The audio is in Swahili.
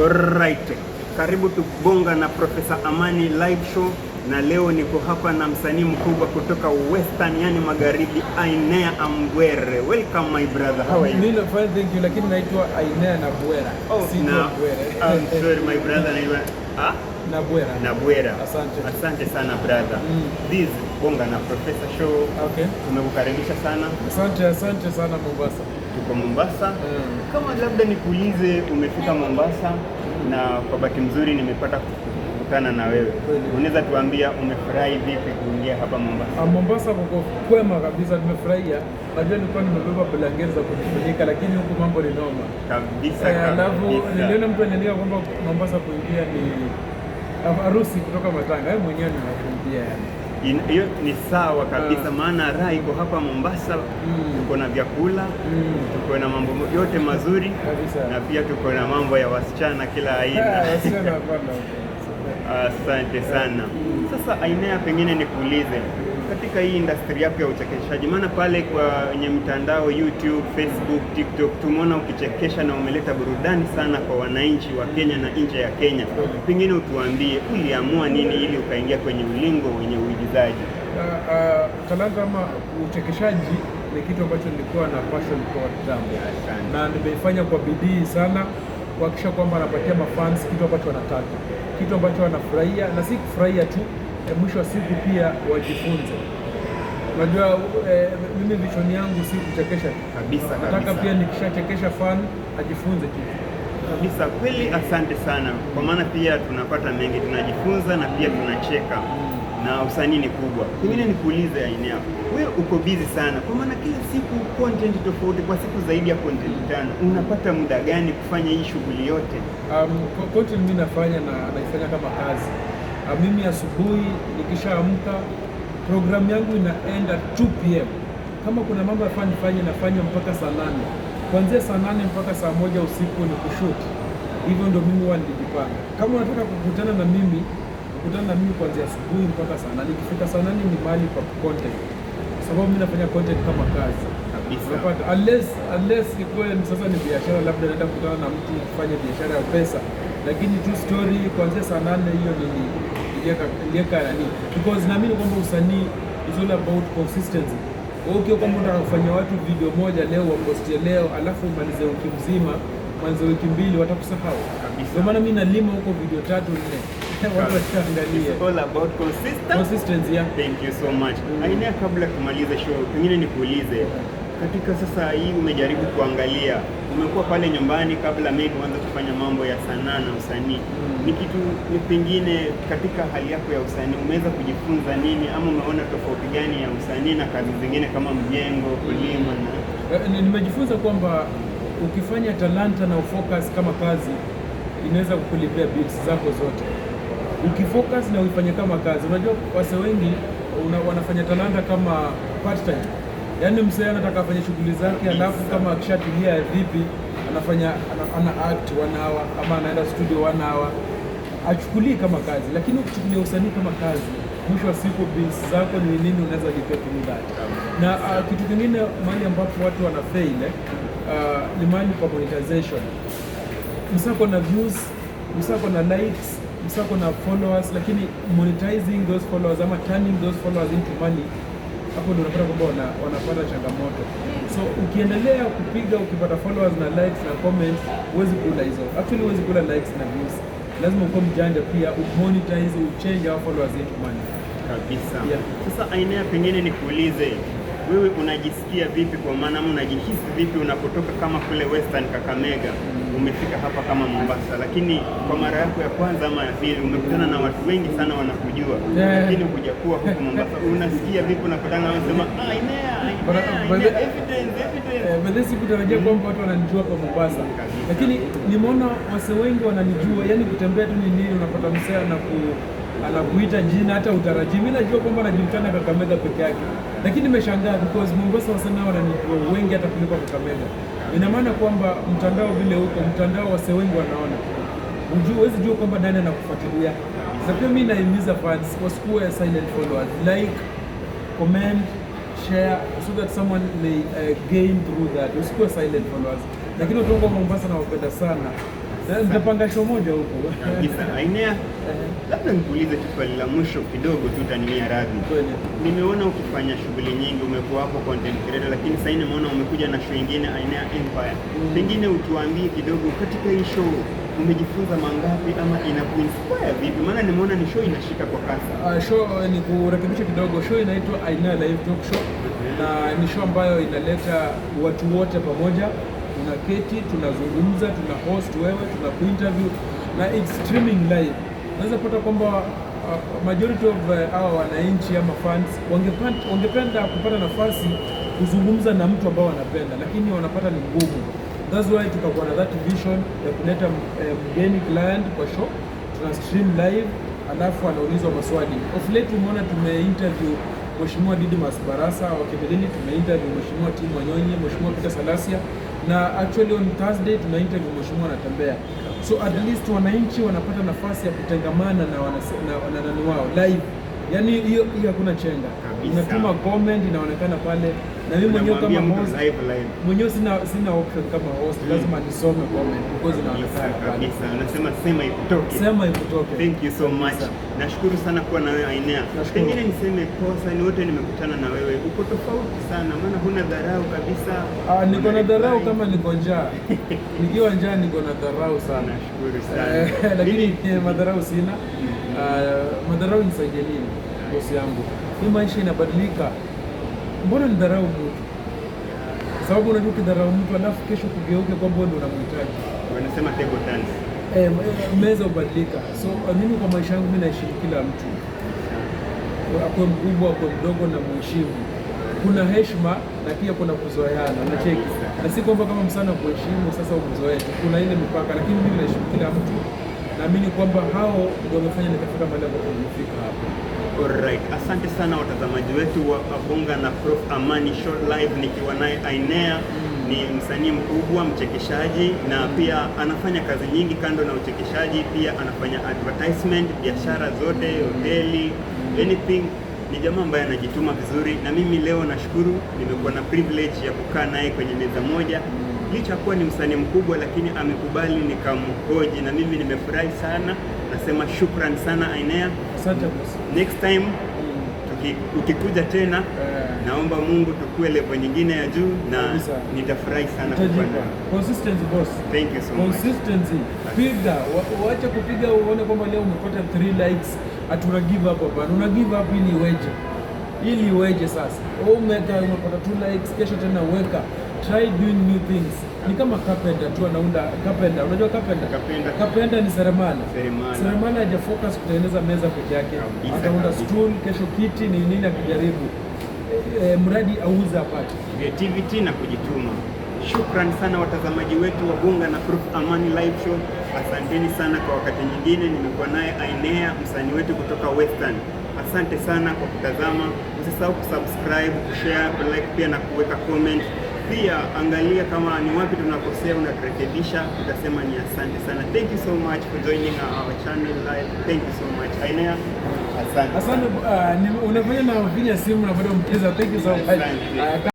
Alright. Karibu Tukubonga na Profesa Amani live show, na leo niko hapa na msanii mkubwa kutoka Western, yani magharibi, Ainea Amgwere. Welcome my brother. How are you? Nina fine, thank you. Lakini naitwa Ainea na Nabwera. Oh, si na Nabwera. I'm sorry my brother. Naitwa ah? na Na Nabwera. Asante. Asante sana brother. Mm. This Bonga na Profesa show. Okay. Tumekukaribisha sana. Asante, asante sana Mombasa tuko Mombasa mm. Kama labda nikuulize, umefika Mombasa mm. na kwa bahati nzuri nimepata kukutana na wewe, unaweza tuambia umefurahi vipi kuingia hapa Mombasa? Ah, Mombasa kuko kwema kabisa, nimefurahia. Najua nilikuwa nimebeba blanketi za kujifunika, lakini huku mambo ni noma kabisa. Eh, alafu niliona mtu anaandika kwamba Mombasa kuingia ni harusi kutoka matanga, mwenyewe ninakuambia yani hiyo ni sawa kabisa, ah. maana raha iko hapa Mombasa mm. Tuko na vyakula mm. Tuko na mambo yote mazuri kabisa. Na pia tuko na mambo ya wasichana kila aina ah, asante sana. Mm. Sasa Ainea, pengine nikuulize katika hii industry yako ya uchekeshaji? Maana pale kwenye mtandao YouTube, Facebook, TikTok tumeona ukichekesha na umeleta burudani sana kwa wananchi wa Kenya na nje ya Kenya. Pengine utuambie uliamua nini ili ukaingia kwenye ulingo wenye uigizaji? Ah, ah, talanta ama uchekeshaji ni kitu ambacho nilikuwa na passion kwa kitambo, na nimeifanya kwa bidii sana kuhakikisha kwamba anapatia mafans kitu ambacho wanataka, kitu ambacho wanafurahia, na si kufurahia tu e, mwisho wa siku pia wajifunze. Unajua e, mimi vichoni yangu si kuchekesha kabisa, nataka pia nikishachekesha fan ajifunze kitu kabisa. Kweli, asante sana, kwa maana pia tunapata mengi, tunajifunza na pia tunacheka na usanii ni kubwa. Pengine nikuulize Ainea, wewe uko busy sana, kwa maana kila siku content tofauti, kwa siku zaidi ya content tano, unapata muda gani kufanya hii shughuli yote? Um, content mimi nafanya na naifanya kama kazi Ah, mimi asubuhi nikishaamka programu yangu inaenda 2 pm. Kama kuna mambo yafaa nifanye nafanya mpaka saa nane, kuanzia saa nane mpaka saa moja usiku ni kushuti. Hivyo ndio mimi huwa nilijipanga. Kama unataka kukutana na mimi, kukutana na mimi kuanzia asubuhi mpaka saa nane. Ikifika saa nane ni mahali pa content, kwa sababu mi nafanya content kama kazi unapata, unless unless ikuwe sasa ni biashara, labda naenda kukutana na mtu kufanya biashara ya pesa, lakini tu story kuanzia saa nane hiyo nini lieka yani, because naamini kwamba usanii is all about consistency. Ukiwa kwamba unataka kufanya watu video moja leo wapostie leo, alafu umalize wiki mzima, mwanzo wiki mbili, watakusahau kabisa. maana mimi nalima huko video tatu nne Consistency, yeah. Thank you so much. Mm. Aina, kabla kumaliza show, pengine nikuulize katika sasa hii umejaribu kuangalia, umekuwa pale nyumbani kabla mimi kuanza kufanya mambo ya sanaa na usanii mm. ni kitu ni pengine, katika hali yako ya usanii umeweza kujifunza nini, ama umeona tofauti gani ya usanii na kazi zingine kama mjengo, kulima? Na eh, nimejifunza kwamba ukifanya talanta na ufocus kama kazi inaweza kukulipia bills zako zote. Ukifocus na uifanye kama kazi, unajua wase wengi una, wanafanya talanta kama part time Yaani mzee anataka afanye shughuli zake, alafu kama akishatilia vipi, anafanya ana act one hour ama anaenda studio one hour, achukulii kama kazi. Lakini ukichukulia usanii kama kazi, mwisho wa siku bills zako ni nini, unaweza jipea that. Na uh, kitu kingine mahali ambapo watu wana fail eh, uh, ni mahali kwa monetization. Msako na views, msako na likes, msako na followers, lakini monetizing those followers ama turning those followers into money hapo ndio unapata kwamba wanapata changamoto. So ukiendelea kupiga, ukipata followers na likes na comments, huwezi kula hizo, actually huwezi kula likes na views. Lazima uko mjanja pia, umonetize, uchange hao followers into money kabisa. Yeah. Sasa ya pengine nikuulize wewe unajisikia vipi, kwa maana unajihisi vipi unapotoka kama kule Western Kakamega umefika hapa kama Mombasa, lakini kwa mara yako ya kwanza ama ya pili umekutana na watu wengi sana wanakujua, lakini hujakuwa huko Mombasa unasikia vipi unapatana na wanasema ah, inea sikutarajia uh, eh, kwamba watu wananijua kwa Mombasa, lakini nimeona wase wengi wananijua, yani kutembea tu ni nini, unapata msea na ku anakuita jina hata utarajii. Mimi najua kwamba anajulikana Kakamega peke yake, lakini nimeshangaa because Mombasa wasanii wananijua wengi hata kuliko Kakamega. Ina maana kwamba mtandao vile huko mtandao wasee wengi wanaona, ujue huwezi jua kwamba nani anakufuatilia. Na pia mimi naimiza fans wasikuwe silent followers, like comment share so that someone may uh, gain through that. Usikuwe silent followers, lakini watu wa Mombasa nawapenda sana mtapangasho moja huko Ainea, labda nikuulize tu swali la mwisho kidogo tu, utaninia radhi. Nimeona ukifanya shughuli nyingi, umekuwa hapo content creator, lakini sasa nimeona umekuja na show nyingine aina ya Empire. Mm. Pengine utuambie kidogo, katika hii show umejifunza mangapi ama inakuinspire vipi? Maana nimeona ni show inashika kwa kasi. Uh, show eh, ni kurekebisha kidogo, show inaitwa Ainea Live Talk Show mhm. na ni show ambayo inaleta watu wote pamoja tunaketi, tunazungumza, tuna host wewe, tuna kuinterview na it's streaming live. Unaweza pata kwamba uh, majority of uh, our wananchi ama fans wangependa, wangependa kupata nafasi kuzungumza na mtu ambao wanapenda, lakini wanapata ni ngumu. That's why tukakuwa na that vision ya kuleta eh, mgeni client kwa show, tuna stream live alafu anaulizwa maswali. Of late umeona tume interview Mheshimiwa Didi Masbarasa wa Kibelini, tumeinterview Mheshimiwa Timu Wanyonyi, Mheshimiwa Peter Salasia na actually on Thursday tuna interview mheshimiwa anatembea, so at least wananchi wanapata nafasi ya kutangamana na wanani wao live. Yani hiyo hakuna chenga, imetuma comment inaonekana pale na mimi mwenyewe kama host mwenyewe sina sina option kama host, mm. lazima nisome comment because inaonekana kabisa, anasema sema ikutoke, sema ikutoke. Thank you so much, nashukuru sana kuwa na wewe Ainea. Pengine niseme kosa ni wote, nimekutana na wewe, uko tofauti sana, maana huna dharau kabisa. Ah, niko na dharau kama niko njaa, nikiwa njaa niko na dharau sana. Nashukuru sana eh, lakini eh, madharau sina. Uh, madharau nisaidie nini bosi yangu? Hii maisha inabadilika mbona ni dharau mtu? Sababu unajua ukidharau mtu alafu kesho kugeuke kwamba ndio unamhitaji, wanasema table dance eh, eh, meza ubadilika. So eh, mimi kwa maisha yangu mimi naheshimu kila mtu, akwe mkubwa akwe mdogo na mheshimu. Kuna heshima na pia kuna kuzoeana na cheki, na si kwamba kama msana kuheshimu sasa umzoee, kuna ile mipaka, lakini mimi naheshimu kila mtu naamini kwamba hao ndio wamefanya nikafika mahali ambapo nimefika hapa. Alright, asante sana watazamaji wetu wa abonga na Prof Amani Show Live, nikiwa naye Ainea mm. ni msanii mkubwa mchekeshaji, na pia anafanya kazi nyingi kando na uchekeshaji. Pia anafanya advertisement, biashara zote, hoteli, anything. Ni jamaa ambaye anajituma vizuri, na mimi leo nashukuru nimekuwa na privilege ya kukaa naye kwenye meza moja licha kuwa ni msanii mkubwa, lakini amekubali nikamhoji, na mimi nimefurahi sana. Nasema shukran sana Ainea, asante boss. Next time ukikuja tena yeah. Naomba Mungu tukue level nyingine ya juu na nitafurahi sana consistency boss. Thank you so much. Consistency. Piga, waache kupiga uone kwamba leo umepata 3 likes ati una give up hapa. Una give up ili weje? Ili weje sasa? Umeka umepata 2 likes, kesho tena weka try doing new things. Ni kama kapenda tu anaunda kapenda Unajua kapenda kapenda, kapenda ni seremala. Seremala focus kutengeneza meza peke yake, ataunda stool, kesho kiti, ni nini akijaribu E, mradi auza apate creativity na kujituma. Shukrani sana watazamaji wetu wa Bunga na Proof Amani live show, asanteni sana kwa wakati nyingine. Nimekuwa naye Ainea, msanii wetu kutoka Western. Asante sana kwa kutazama, usisahau kusubscribe, kushare, kulike pia na kuweka comment pia angalia kama ni wapi tunakosea, unaturekebisha, tutasema ni asante sana. Thank you so much for joining our channel live. Thank you so much. Ainea, asante. Asante, uh, unafanya na vinya simu na bado mcheza. Thank you so much.